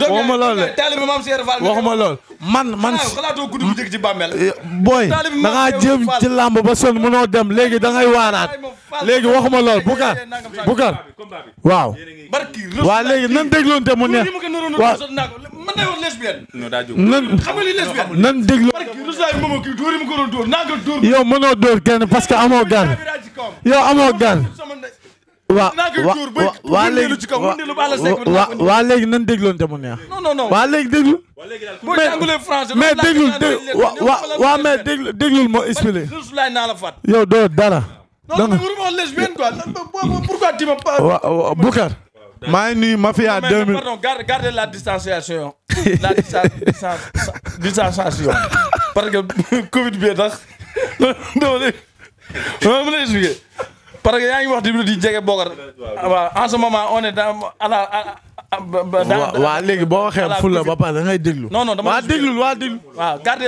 waxuma lool de taalibe maam Cheikh lool man ah, man xalaatoo guddi bu njëkk ci bàmmeel booy da ngaa jëm ci làmb ba sonn mënoo dem léegi da ngay waanaat léegi waxuma lool Boucar Boucar waaw waaw léegi nan dégloonte mu neex waaw man day wax lesbienne nan xam nga li lesbienne nan dégloo rusaay moom ak dóor yi mu ko naa nga dóor yow mënoo dóor kenn parce que amoo gan yow amoo gan waa waa nan dégloon te mu waa léegi déglu. mais déglu wa waa mais déglu déglul moo expliqué. yow doo dara. danga pourquoi tu maa ngi nuyu mafia 2000. la distanciation la Covid bi tax dama lay dama lay expliqué. parce que yaa ngi wax di jege Bokar. waaw en ce moment on est dans à la léegi boo waxee fula ba pare da ngay déglu. non non dama waa déglu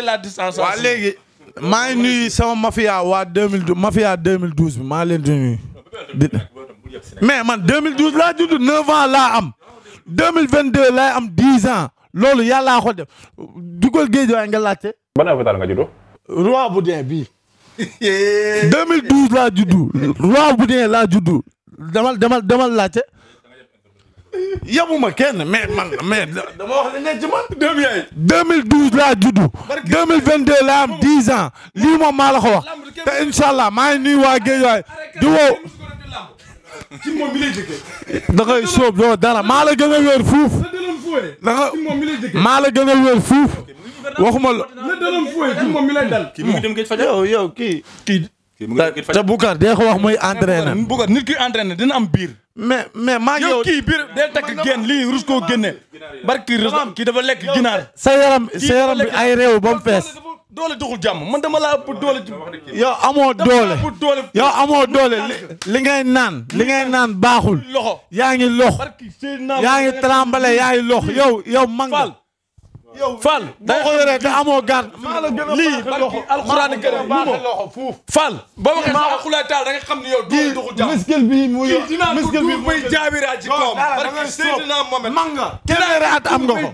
la distance. waaw léegi maa ngi nuyu sama mafia waa 2012 mafia 2012 bi maa leen di nuyu. mais man 2012 laa judd 9 ans laa am 2022 laa am 10 ans loolu yàllaa ko def dugal géej waaye nga laajte. ban hôpital 2012 laa juddu roi bu dee laa juddu demal demal demal laajte. yamuma kenn mais man mais dama wax ne ci man. dem yaay. 2012 laa juddu. 2022 laa am 10 ans lii moom maa la ko wax. te incha allah maa ngi nuyu waa géej waay di woo. ci moom mi dara maa la gën a wér fuuf. da nga waxuma la. la daloon moom mi lay dal. kii mu dem géej fajar yow oh, yow kii. kii te Boucar dee ko wax mooy entraîneur. Boucar nit ki entraîneur dina am biir. mais mais maa ngi yow kii biir day takk génn lii rus koo génne. barki rus kii dafa lekk ginaar. sa yaram sa yaram bi ay réew ba mu fees. doole doxul jàmm man dama laa ëpp doole. yow amoo doole yow amoo doole li ngay naan li ngay naan baaxul. yaa ngi lox yaa ngi trambale yaa ngi lox yow yow man nga Fall boo ko yoree te amoo gaan lii barki alxuraan kariim Fall boo waxee sa xulaay taal da nga xam ne yow du duxul jàmm miskil bi mu yor miskil bi bay jaabiraa ci at am nga ko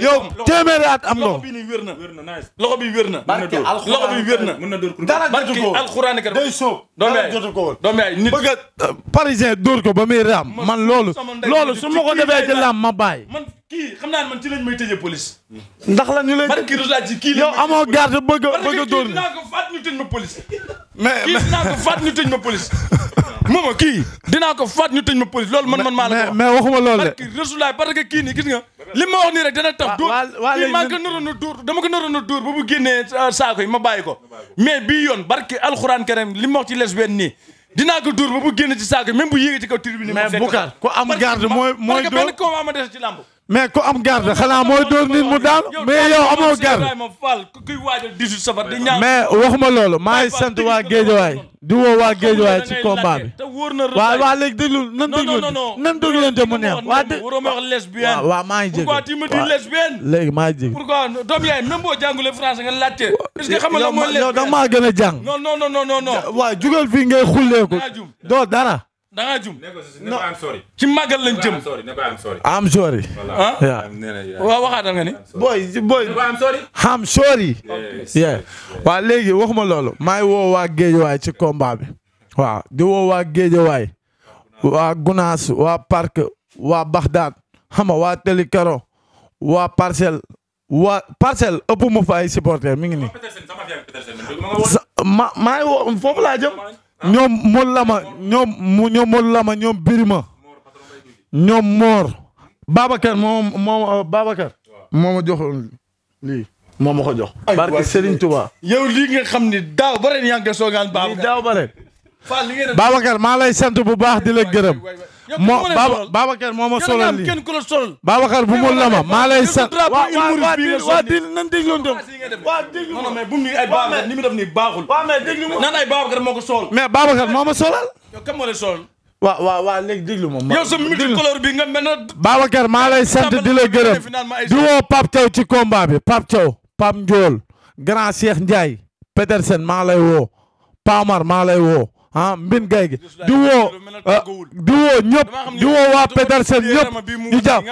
yow téeméeri at am nga ko na wér na loxo bi bi wér na mën na dóor dara barki alxuraan kariim day soob dara jotu ko doom yaay nit euh, parisien dóor ko ba muy raam man loolu loolu su ko defee ci laam ma bàyyi kii xam naa ne man ci lañ may tëjee police. ndax la ñu lay. man kii laa ci yow amoo garde bëgg a bëgg a dóor dinaa ko faat ñu tëj ma police. mais kii dinaa ma police. ma wax mais waxuma loolu de. parce que kii nii gis nga. li wax nii rek dana tax. dóor kii maa ko naroon a dóor dama ko naroon a dóor ba bu génnee saako yi ma bàyyi ko. mais bii yoon barke alxuraan karim li ma wax ci lesbienne nii. dinaa ko dóor ba bu génne ci saako yi même bu yéegee ci kaw tribune. mais Boucar ku am garde mooy mooy dóor mais ku am garde xanaa mooy dóor nit mu daanu mais yow amoo garde mais waxuma loolu maa ngi sant waa géejawaay di woo waa géejawaay ci combat bi waaw waa léegi déglu nan déglu nan dégluante mu neex waa dé waaw waaw maa ngi jéggi léegi maa ngi jéggi yow da nga maa gën a jàng waaw jugal fii ngay xulleeku doo dara da jum. ci màggal lañ jëm. am sorry. ah waxaatal nga ni. booy booy. am sorry. yeah waaw léegi waxuma loolu. maa ngi woo waa Géejawaay ci combat bi. waaw di woo waa Géejawaay. waa Gunaas waa Parc waa Baxdaad xam nga waa Teli Karo waa Parcelles ëpp mu fa ay supporters mi ngi nii. foofu laa jëm. ñoom Modou Lama ñoom mu ñoom Modou Lama ñoom Birima ñoom Mor. Babacar moom moom euh, Babacar. moo ma joxoon lii. moo ma ko jox. barke Serigne Touba. yow lii nga xam ni daaw ba ren yaa ngi koy soogaan Babacar. daaw maa lay sant bu baax di la gërëm. moo Baba Babacar moo ma solal lii kenn ku la solal Babacar bu mu la ma maa lay sant waa waa di nan dégloon doon waa déglu non mais bu mu ni ay Babacar ni mu def ni baaxul waaw mais déglu ma nan ay Babacar moo ko solal mais Babacar moo ma solal yow kan moo lay solal waaw waaw waaw léegi déglu ma yow sa multicolore bi nga mel na Babacar maa lay sant di la gërëm di woo Pape Thiaw ci combat bi Pape Thiaw Pape Ndiol Grand Cheikh Ndiaye Petersen maa lay woo Pamar maa lay woo ah mbin gay gi di woo ah, di woo ñëpp di woo waa Petersen ñëpp ñu jàpp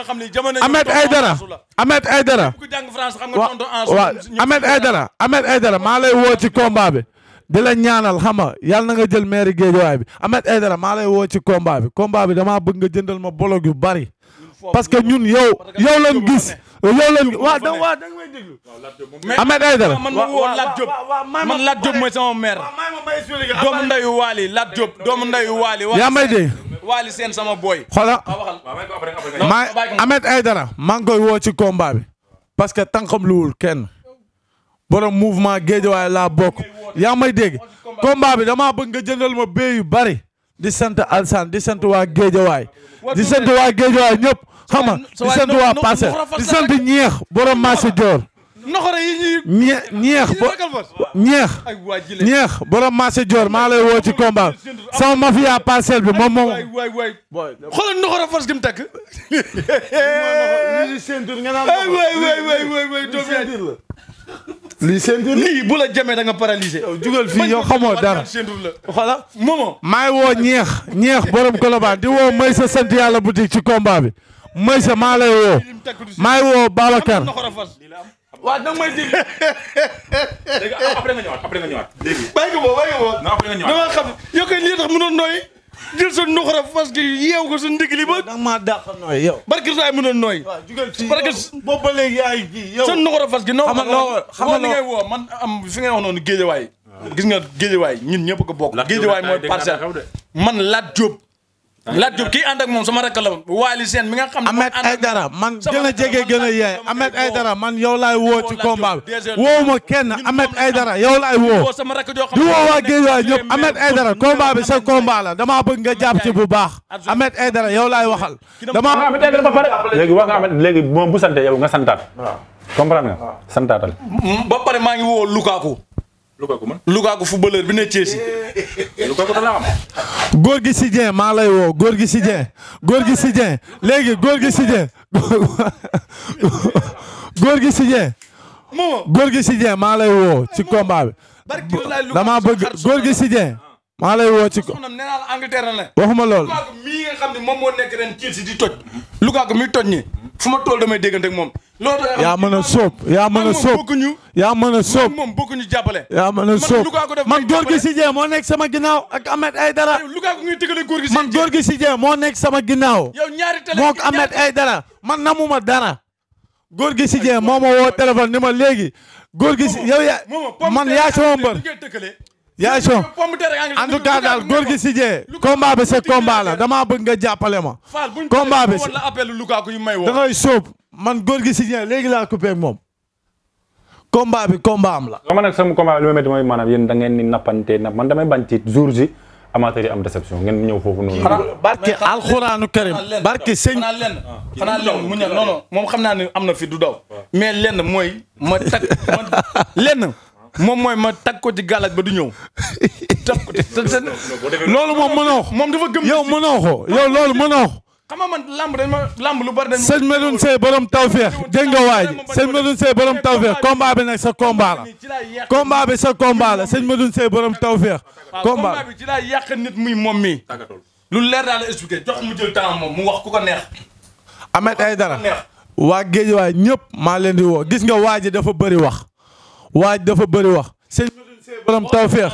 Ahmed Aidara Ahmed Aidara waaw Ahmed Aidara Ahmed maa lay woo ci combat bi di la ñaanal xam nga yàlla na nga jël mairie Guédiawaye bi Ahmed Aidara maa lay woo ci combat bi combat bi damaa bëgg nga jëndal ma bolog yu bari parce que ñun yow yow lañ gis yow lañ waaw da waaw da nga may déglu. Ahmed Aïdara man ma woo Lat Diop man Lat Diop mooy sama mère. doomu ndeyu Waly Lat Diop doomu ndeyu Waly. yaa may dégg. Waly seen sama boy. xoolal maa Ahmed Aïdara maa ngi koy woo ci combat bi. parce que tànkam luwul kenn. borom mouvement Guédiawaye laa bokk. yaa may dégg combat bi damaa bëgg nga jëndal ma bee yu bari. di sant Alsaan di sant waa Géejawaay di sant waa Géejawaay ñëpp xam nga di sant waa Parcelles di sant ñeex borom marché Dior. noxore yi ñuy ñeex ñeex ñeex borom marché Dior maa lay woo ci combat sama mafia parcelle bi moom moom. xoolal noxore force gi mu takk. lii seen lii bu la jamee da nga paralysé. jugal fii yow xamoo dara voilà momo. maay woo ñeex ñeex borom Colobane di woo may sa sant yàlla boutique ci combat bi may sa maa lay woo maay woo Babacar. waaw da nga may dégg. Ah, après nga boo bàyyi ko boo. non après da nga xam yow kay lii tax mënoon nooyi. jël sa nuxara fas gi yeew ko sa ndigli ba. da nga maa dàq nooy yow. barke saa yi mënoon nooy. waaw jugal ci yow boobu ba léegi yaay ji yow. sa nga li ngay woo man am fi ngay gis nga géejewaay ñun ñëpp ko bokk. géejewaay mooy parcelle man Lat Diop Lat Diop kii ànd moom sama rakk la Waly mi nga xam ne. Ahmed Aïdara man gën a jege gën a yee Ahmed Aïdara man yow laay woo ci combat bi woowu ma kenn Ahmed Aïdara yow laay woo di woo waa géej waay ñëpp Ahmed Aïdara combat bi sa combat damaa bëgg nga jàpp ci bu baax Ahmed Aïdara yow laay waxal. dama damaa Ahmed Aïdara ba pare léegi wax nga Ahmed léegi moom bu sante yow nga santaat. comprendre nga santaatal. Mm-hmm. ba pare maa ngi woo Lukaku. Lukaku man Lukaku footballeur bi ne Chelsea. Lukaku da góor gi si maa lay woo góor gi si Dieng góor gi si léegi góor gi si góor gi si góor gi si maa lay woo ci combat bi. damaa bëgg góor gi si maa lay woo ci ko waxuma lool. Lukaku mii toj ñi. fu ma tool damay déggante ak moom. loolu da yaa mën a sóob yaa yaa mën a sóob moom bokkuñu jàppale. yaa mën a sóob man góor si jee moo nekk sama ginnaaw ak Ahmed Aïdara. man góor gi si jee moo nekk sama ginnaaw. yow ñaari télé moo ak Ahmed Aïdara man namuma dara. góor gi si jee moo ma woo téléphone ni ma léegi. góor gi si yow yaa man yaa sama yaa son en tout daal góor gi si jee combat bi c'est damaa bëgg nga jàppale ma. combat bi si da ngay sóob man góor gi si jee léegi laa coupé moom. combat bi combat la. xam nag sama combat bi li mooy maanaam yéen da ngeen ni nappante napp man damay bañ ci jour ji amateur am déception ngeen ñëw foofu noonu. barke alxuraanu karim barke sëñ. xanaa lenn mu ñor moom xam naa ne am na fi du daw. mais lenn mooy ma tag lenn. moom mooy ma tag ko ci gàllaaj ba du ñëw. tag ko loolu moom mënoo ko moom dafa gëm yow mënoo ko yow loolu mënoo ko. xam nga man lamb dañ ma lamb lu bari dañ ma. sëñ Medoune Seye borom tawféex dégg nga waa ji sëñ Medoune Seye borom tawféex combat bi nag sa combat la. combat bi sa combat la sëñ Medoune Seye borom bi ci yàq nit muy moom mi lu leer daal la expliqué jox mu jël temps moom mu wax ko ko neex. Ahmed Aïdara waa géej waay ñëpp maa leen di woo gis nga waa ji dafa bëri wax. waa dafa bëri wax sëñ Medoune Seye borom tawfeex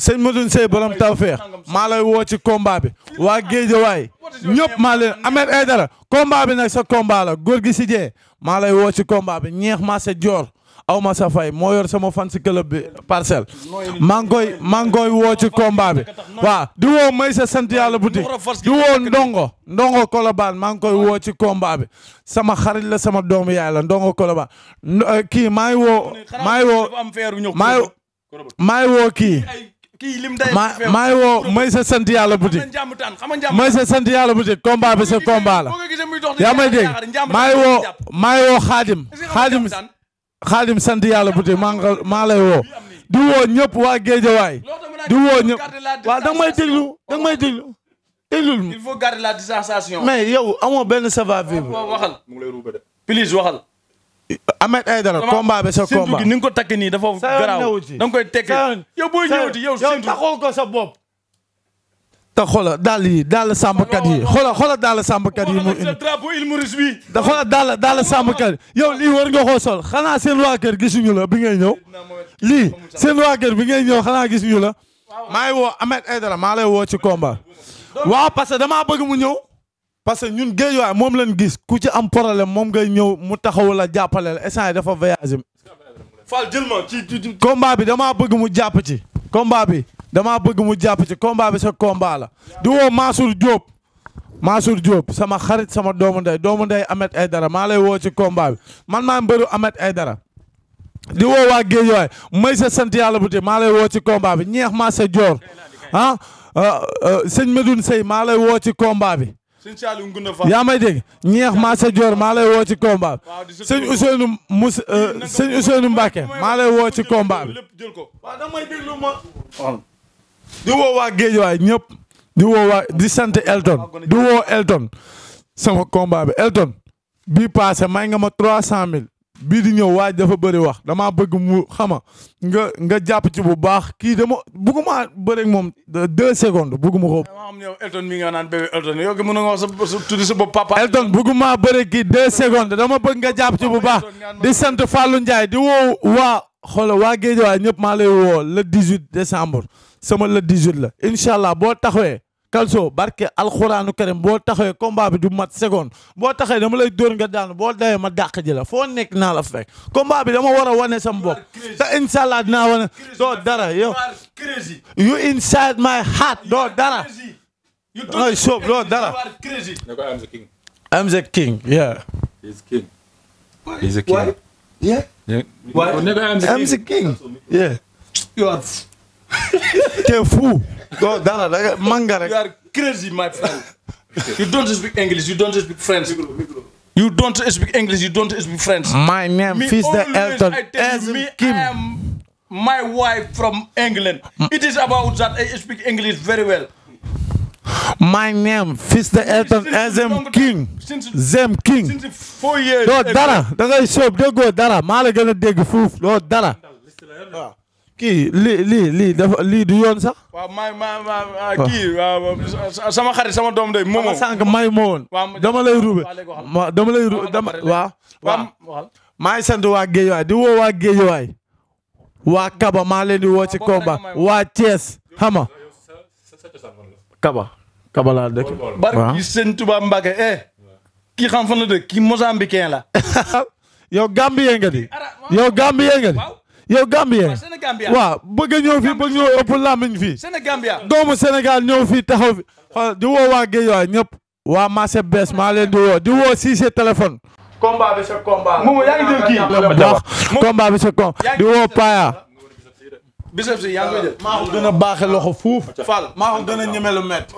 sëñ Medoune Seye borom tawfeex maa lay woo ci combat bi waa Géejawaay ñëpp maa leen Ahmed dara combat bi nag sa combat la góor gi si jee maa lay woo ci combat bi ñeex maa sa joor aw ma sa fay moo yor sama fan si club bi parcelle maa ngi koy maa ngi koy woo ci combat bi waaw di woo may sa buti di woo ndongo ndongo kolobaan maa ngi koy woo ci combat bi sama xarit la sama doomu yaay la ndongo kolobaan euh, kii maa ngi woo maa ngi woo maa ngi maa ngi woo kii maa maa ngi woo may sa sant yàlla buti may sa sant yàlla buti combat bi sa combat la yaa woo maa woo xaadim xaadim xaadim sant yàlla bu te maa lay woo di woo ñëpp waa géejawaay di woo ñëpp waaw danga may déglu danga may déglu déglul la distanciation mais yow amoo benn savoir vivre waxal mu ngi lay ruube de please waxal Ahmed Aïdara combat bi sa combat ni nga ko takk nii dafa garaaw da nga koy tekk yow booy ñëwati yow taxoo ko ta xoola daal yi daal sàmmkat yi xoola xoola daal sàmmkat yi mu indi drapeau il Maurice bi daal daal sàmmkat yi yow lii war nga koo sol xanaa seen waa kër gisuñu la bi ngay ñëw lii seen waa kër bi ngay ñëw xanaa gisuñu la maa ngi woo Ahmed Aidara maa lay woo ci komba waaw parce que damaa bëgg mu ñëw parce que ñun géej waay moom lañ gis ku ci am problème moom ngay ñëw mu taxaw la jàppale la instant dafa voyagé Fall jël ma ci combat bi damaa bëgg mu jàpp ci combat bi damaa bëgg mu jàpp ci combat bi sa combat la di woo Mansour Diop Mansour Diop sama xarit sama doomu ndey doomu ndey Ahmed Aidara maa lay woo ci combat man maa mbëru Ahmed Aidara di woo waa Guédiawaye may sa sant yàlla bu te maa lay woo ci combat bi ñeex maa sa joor ah, ah, ah sëñ Medoune Seye maa lay woo ci combat bi sëñ Saliou Ngunda yaa may dégg ñeex maa sa joor maa lay woo ci combat bi euh, sëñ Ousseynou maa lay woo ci combat bi. waaw da di woo waa Géejawaay ñëpp di woo di sant Elton di woo Elton sama combat bi Elton bii paase may nga ma trois cent mille bii di ñëw waaj dafa bëri wax damaa bëgg mu xama nga nga jàpp ci bu baax kii dama bëgguma bëri moom deux secondes bëgguma ko. damaa am yow Elton mi nga naan bébé Elton yow mën nga wax sa tuddi sa bopp papa. Elton bëgguma bëri kii deux secondes dama bëgg nga jàpp ci bu baax di sant Fallou Ndiaye di woo waa xoola waa Géejawaay ñëpp maa lay woo le 18 décembre sama le 18 la incha allah boo taxawee. Calcio barke alxuraanu karim boo taxawee combat bi du mat seconde boo taxawee dama lay dóor nga daanu boo dawee ma dàq la foo nekk naa la fekk combat bi dama war a wane sama bopp te incha allah dinaa wane doo dara yow you inside my heart doo dara ay soob doo dara I'm the king king T'es fou. Oh, dara danga manga rek. You are crazy my friend. You don't speak English, you don't speak French. You don't speak English, you don't speak French. My name me is the Elton Ezim Kim. I am my wife from England. Mm. It is about that I speak English very well. My name is the Elton Ezim King. Zem King. Since four years. Doo dara da ngay soob déggoo dara maa la gën a dégg fuuf doo dara. kii lii lii lii dafa du yoon sax. waaw may ah, sama xarit sama doom day momo sànq may ma woon. dama lay ruube dama lay ruube dama waaw. waaw maa ngi sant waa Géejawaay di woo waa Géejawaay. waa Kaba maa leen di woo ci combat waa Thiès xama Kaba Kaba laa dëkk. barki sëñ Tuba Mbacke eh. kii xam fan la dëkk kii Mozambicain la. yow Gambien nga di. yow yow Gambien waaw bëgg a ñëw fii bëgg ñëw ëpp làmmiñ fii doomu Sénégal ñëw fi xool di woo waa Guédiawaye ñëpp waa marché bees maa leen di woo di woo Cissé téléphone combat bi bi sa combat di woo Paya bisab si yaa ngi koy maa ko a a ñemelu mett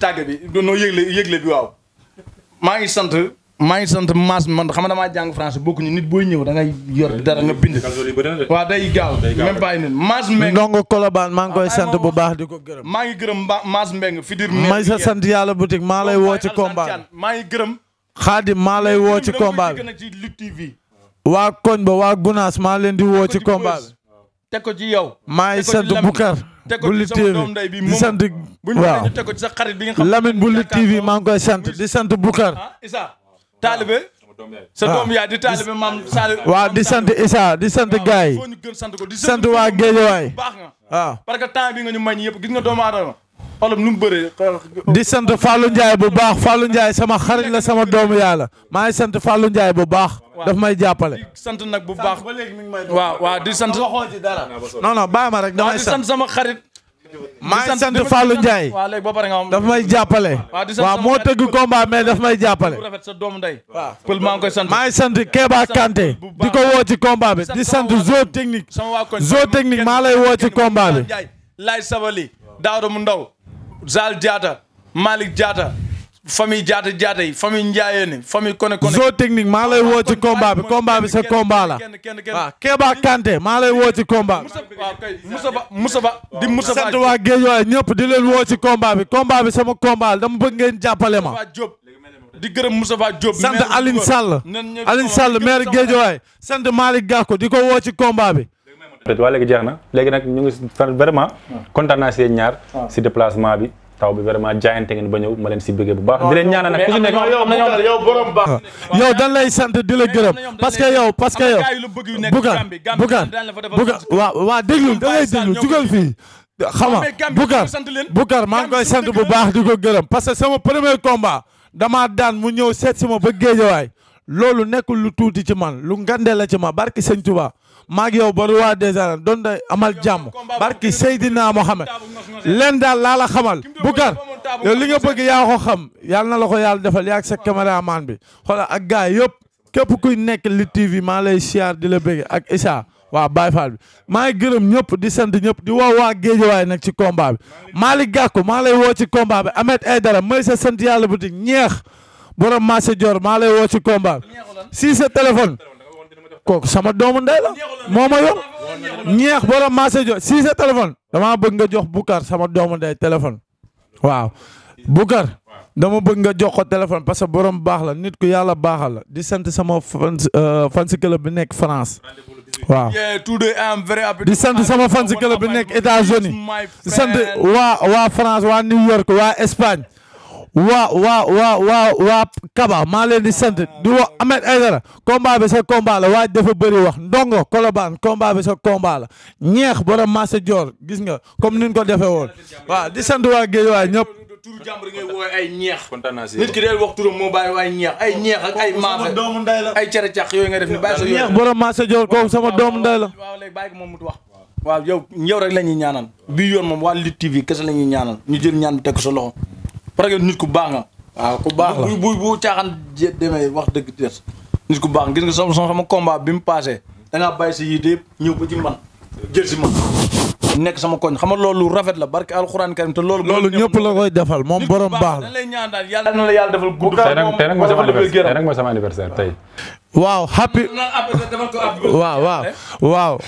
tàgg bi noo yëgle sant maa ngi sant maas man xam na damaa jàng français ñu nit booy ñëw da ngay yor dara nga bind. waaw day gaaw maas mbeng ndongo Colobane maa ngi koy sant bu baax di ko gërëm. maa ngi gërëm maas mbeng fi dir may sa sant yàlla boutique maa lay woo ci combat maa ngi gërëm. xaadim maa lay woo ci combat bi. waa koñ ba waa Gunaas maa leen di woo ci combat bi. ko ci yow. maa ngi sant Bukar. teg ko ci sama ndey bi di sant waaw Lamine bu Lutte TV maa ngi koy sant di sant Bukar. Ah, taalibe sa ah. doom yaay di taalibe maam Saliou waaw di sant Issa di sant ah, gaay yi sant waa Géejawaay baax nga waaw ah. parce que temps bi nga ñu mañ yëpp gis nga doomu aadama xolam nu mu bëree di sant Fallou Ndiaye bu baax Fallou Ndiaye sama xarit la sama doomu yaay la maa ngi sant Fallou Ndiaye bu baax daf may jàppale sant nag bu baax waaw waaw di sant waxoo ci dara non non bàyyi ma rek damay sant sama xarit maa ngi sant Fallou Ndiaye daf may jàppale. waaw moo tëgg combat mais daf may jàppale. waaw maa ngi koy sant. maa ngi sant Keba Kanté di ko woo ci combat bi di sant zoo technique. zoo technique maa lay woo ci combat bi. Lay Sabali Daouda mu ndaw Zal Diatta Malick Diatta. famille jaata jaata yi famille Ndiayene famille Kone Kone. maa lay woo ci combat bi combat bi sa combat la. waaw Kéba Kanté maa lay woo ci combat bi. Moussa Ba Moussa Ba di Moussa Ba waa Guédiawaye ñëpp di leen woo ci combat bi combat bi sama combat la dama bëgg ngeen jàppale ma. di gërëm Moussa Ba Diop. sant Alioune Sall Alioune Sall maire Guédiawaye sant Malick di ko woo ci combat bi. waa léegi jeex na léegi nag ñu ngi fan vraiment kontaanaa naa si ñaar si déplacement bi. taw bi vraiment jaayante ngeen ba ñëw ma leen si bëggee bu baax. di leen nag ku si nekk yow baax. Ah. yow dañ lay sant di la gërëm parce que yow parce que yow bugaan bugaan bugaan waaw waaw déglu da ngay déglu jugal fii. xam nga Boucar Boucar maa ngi koy sant bu baax di ko gërëm parce que sama premier combat damaa daan mu ñëw seet si ma ba géejawaay loolu nekkul lu tuuti ci man lu ngandee la ci ma barki sëñ Tuubaa maak yow ba roi des arènes amal jàmm barki Seydina Mohamed leen daal laa la xamal Boucar yow li nga bëgg yaa ko xam yàlla na la ko yàlla defal yaa ak sa caméraman bi xoolal ak gars yëpp képp kuy nekk li TV maa lay siyaar di la bëgg ak Issa waaw Baye bi maa gërëm ñëpp di sant ñëpp di woo waa Géejawaay nag ci combat bi Malick Gakou maa lay woo ci combat bi Ahmed Aïdara may sa sant yàlla bu di ñeex borom marché Dior maa lay woo ci combat bi si kooku sama doom ndey la moo ma yor ñeex borom maase jo si téléphone damaa bëgg nga jox Boucar sama doomu ndey téléphone waaw Boucar dama bëgg nga jox ko téléphone parce que borom baax la nit ku yàlla baaxal la di sant sama fans euh, fans bi nekk France waaw di sant sama fans bi nekk États-Unis di sant waa waa France waa New York waa Espagne waa waa waa waa waa Kaba maa leen di sant di woo Ahmed Aidara combat bi sa la waaj dafa bëri wax ndongo Colobane combat bi sa combat la ñeex borom Massa Dior gis nga comme ni ñu ko defee woon waaw di sant waa géej waa ñëpp. turu jàmbur ngay woowee ay ñeex. nit ki day wax turam moo bàyyi waaye ñeex ay ñeex ak ay maafe ay cere cax yooyu nga def ni bàyyi sa ñeex borom Massa Dior kooku sama doomu ndey la. waaw moom mu wax. waa yow yow rek la ñuy ñaanal. bii yoon moom waa Lutte TV kese la ñuy ñaanal ñu jël ñaan bi teg ko parce que nit ku baax nga. waaw ah, ku baax la bu bu bu caaxaan demee wax dëgg des. nit ku baax gis nga sama sama combat bi mu passé da ngaa bàyyi si yii yëpp ñëw ba ci jël si ma nekk sama koñ xam nga loolu rafet la barke alxuraan karim te loolu. loolu ñëpp la koy defal moom borom baax la lay ñaan daal yàlla na la yàlla defal gudd. tey nag tey nag mooy sama anniversaire tey nag mooy sama anniversaire tey. waaw happy. waaw waaw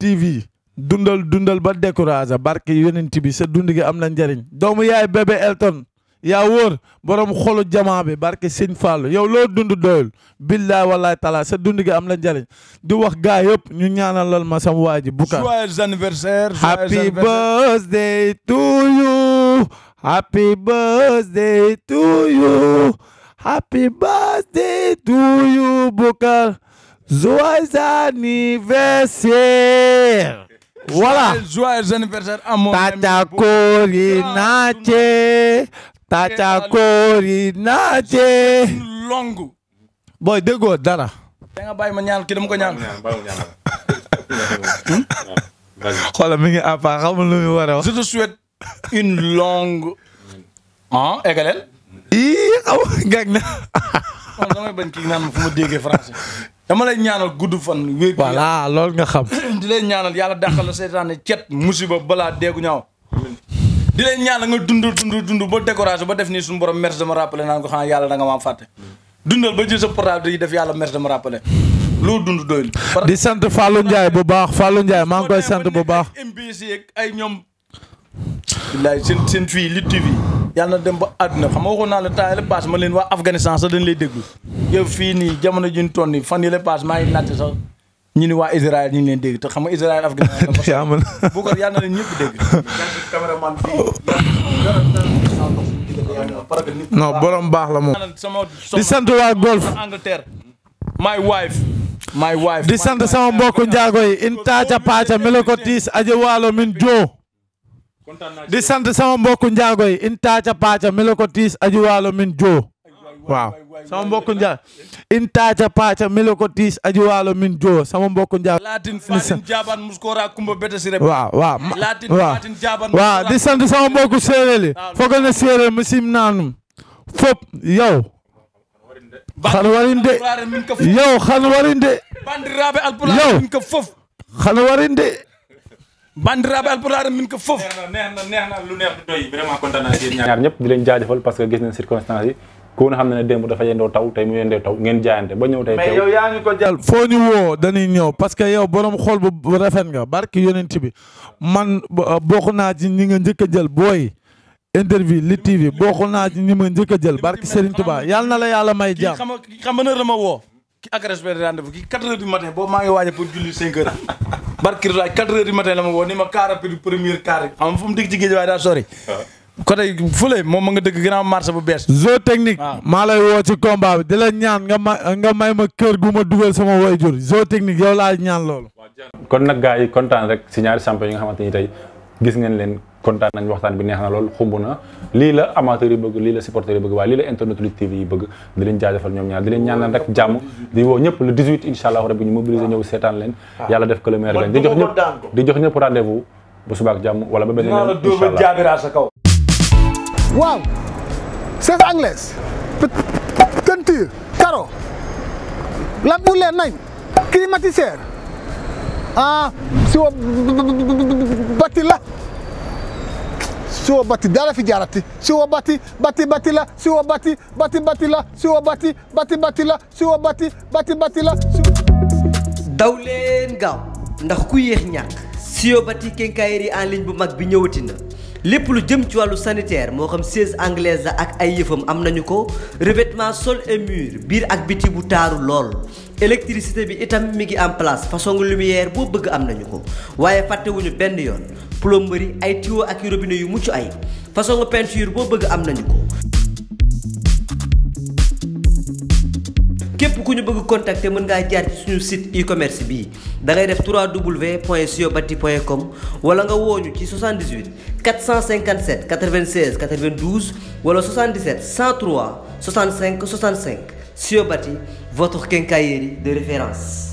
TV. dundal dundal ba découragé barke yonent bi sa dund gi am na njariñ doomu yaay bébé Elton yaa wóor borom xolu jamaa bi barke sëñ Fallou yow loo dund doyul billaay wallaay talaa sa dund gi am la njariñ di wax gaa yëpp ñu ñaanalal ma sam waa ji Boucar joyeux anniversaire happy birthday to voilà joyeux anniversaire à mon tata kori naate tata kori naate déggoo dara da nga bàyyi ma ñaan ki dama ko ñaan hmm? xoolal mi ngi àpa xamul lu muy war a wax je une longue ah ii xaw gag fu ma déggee français dama lay ñaanal gudd fan. wér voilà loolu nga xam. di lay ñaanal yàlla dàqal la seytaane cet musiba balaa deegu ñaaw. di lay ñaanal nga dund dund dund ba découragé ba def nii suñu borom merci dama rappelé naan ko xanaa yàlla da nga maa fàtte. dundal ba jël sa portable di def yàlla merci dama rappelé. loo dund doyul. di sant Fallou Ndiaye bu baax Fallou Ndiaye maa ngi koy sant bu baax. ay ñoom. billaay seen fii Lutte TV yàlla na dem ba àdduna xam nga waxoon naa la temps yële ma leen waa Afghanistan sax dañ lay déglu yow fii nii jamono ji ñu toll nii fan yële paas maa ngi natt sax ñu ni waa Israël ñu ngi leen dégg te xam nga Israël Afghanistan bu ko yàlla na leen ñëpp dégg cameraman fii baax la moom di sant waa golf Angleterre my di sant sama mbokk njaago yi in taaca paaca melo ko tiis ajo waalo min joo di sant sama mbokku njaago yi in taaca paaca mi la aju waalo min joo waaw sama mbokku njaa in taaca paaca mi la aju waalo min joo sama mbokku njaa laatin faatin jaaban di sant sama mbokku séeréer yi fogal na mu sim naanum fop yow xan warin de yow xan warin de yow xan warin de bandiraɓe alpulaar min ko foof neex na neex na ñaar ñëpp di leen jaajëfal parce que gis nañ circonstances yi ku na xam ne ne démb dafa yendoo taw tey mu yendoo taw ngeen jaayante ba ñëw tey foo ñu woo dañuy ñëw parce que yow borom xool bu rafet nga barki yonent bi man bokk naa ci ñi nga njëkk a jël booy interview li TV bokk naa ci ñi ma njëkk a jël barki Serigne Touba yàlla na la yàlla may jàmm xam nga na ma woo ki agressé rendez-vous ki quatre barkir laaj 4 heures ma matin la ma woo ni ma car rapide premier car xam nga fu mu dëkk ci géej waaye daa sori ah. côté fule moom ma nga dëkk gannaaw marché bu bees zo technique ah. maa lay woo ci combat bi di la ñaan nga ma nga may ma kër gu ma dugal sama waajur zo technique yow laa ñaan loolu kon nag gars yi kontaan rek si ñaari champion yi nga xamante ni tey gis ngeen leen kontaan nañ waxtaan bi neex na lool xumb na lii la amateur yi bëgg lii la supporter yi bëgg waaye lii la internet Lutte TV yi bëgg di leen jaajëfal ñoom ñaar di leen ñaanal rek jàmm di woo ñëpp le 18 incha allah rabbi ñu mobiliser ñëw seetaan leen ah. yàlla def que le meilleur gagne di jox ñëpp di jox ñëpp rendez-vous bu subaak jàmm wala ba benn yoon jaabira sa kaw waaw c'est anglaise peinture carreau lampe bu leer nañ climatiseur ah la siwo bati dara fi jaarati siwo bati bati la siwo bati bati bati la siwo bati bati bati la siwo bati bati bati la daw gaaw ndax ku yéex ñàkk siwo bati quincaillerie en ligne bu mag bi ñëwati na lépp lu jëm ci wàllu sanitaire moo xam siège anglaise la ak ay yëfam am nañu ko revêtement sol et biir ak biti bu taaru lool électricité bi itam mi ngi en place façon lumière boo bëgg am nañu ko waaye fàttewuñu benn yoon plomberie ay tuyaux ak robinet yu mucc ay façon peinture boo bëgg am nañu ko. képp ku ñu bëgg contacter mën ngaa jaar ci suñu site e-commerce bii da ngay def comme wala nga woo ñu ci 78 457 96 92 wala 77 103 65 65 Siobati. votre quincaillerie de référence.